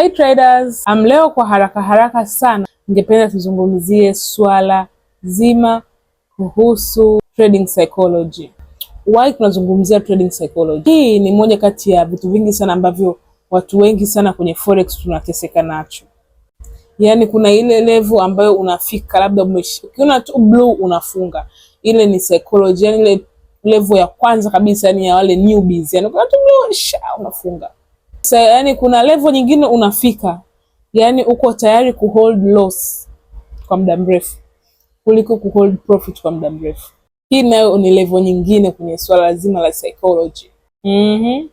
Hi traders, am leo kwa haraka haraka sana ningependa tuzungumzie swala zima kuhusu trading psychology. Why tunazungumzia trading psychology? Hii ni moja kati ya vitu vingi sana ambavyo watu wengi sana kwenye forex tunateseka nacho. Yaani kuna ile level ambayo unafika labda ukiona tu blue unafunga. Ile ni psychology, yani ile level ya kwanza kabisa ni yaani ya wale newbies. Yaani kuna tu blue sha unafunga. Sa, yani kuna level nyingine unafika, yani uko tayari hold loss kwa muda mrefu kuliko hold profit kwa muda mrefu. Hii nayo ni level nyingine kwenye swala zima la psychology. Mm-hmm.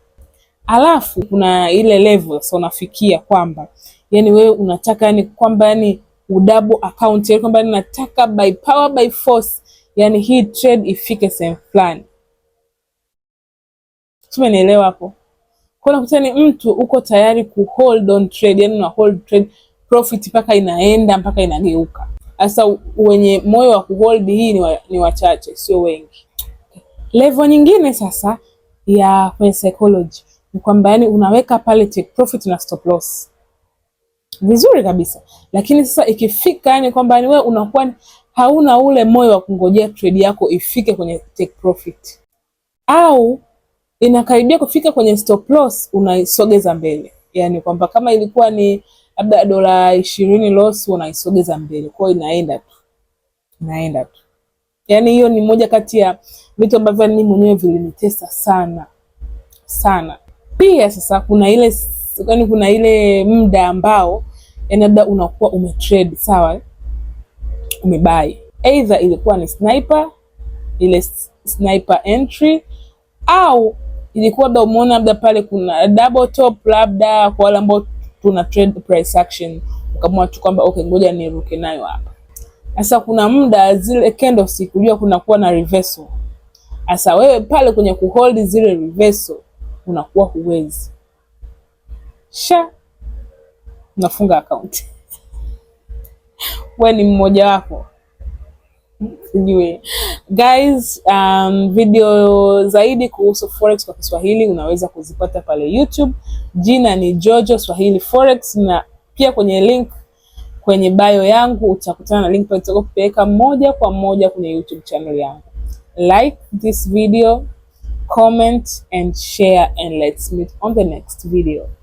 Alafu kuna ile level sasa unafikia kwamba yani wewe unataka yani kwamba yani udabu account yani kwamba nataka by power by force yani hii trade ifike sehemu fulani. Tumenielewa hapo? Kwa unakuta ni mtu uko tayari ku hold on trade, yani una hold trade profit mpaka inaenda mpaka inageuka. Sasa wenye moyo wa kuhold hii ni, wa, ni wachache, sio wengi. Level nyingine sasa ya kwenye psychology ni kwamba yani unaweka pale take profit na stop loss vizuri kabisa, lakini sasa ikifika yani kwamba yani wewe unakuwa hauna ule moyo wa kungojea trade yako ifike kwenye take profit au inakaribia kufika kwenye stop loss, unaisogeza mbele, yani kwamba kama ilikuwa ni labda dola ishirini loss, unaisogeza mbele, kwa hiyo inaenda tu inaenda tu. Yani hiyo ni moja kati ya vitu ambavyo mimi mwenyewe vilinitesa sana sana. Pia sasa kuna ile yani kuna ile muda ambao yani labda unakuwa umetrade sawa, umebai either ilikuwa ni sniper ile sniper entry au ilikuwa labda umeona labda pale kuna double top, labda kwa wale ambao tuna trade price action, ukaamua tu kwamba okay, ngoja niruke nayo hapa. Sasa kuna muda zile candlestick unajua kunakuwa na reversal. Sasa wewe pale kwenye kuhold zile reversal unakuwa huwezi sha unafunga akaunti. We ni mmoja wapo sijui guys. Um, video zaidi kuhusu forex kwa Kiswahili unaweza kuzipata pale YouTube, jina ni Jojo Swahili Forex, na pia kwenye link kwenye bio yangu utakutana na link pale tutakopeleka moja kwa moja kwenye YouTube channel yangu. Like this video, comment and share and let's meet on the next video.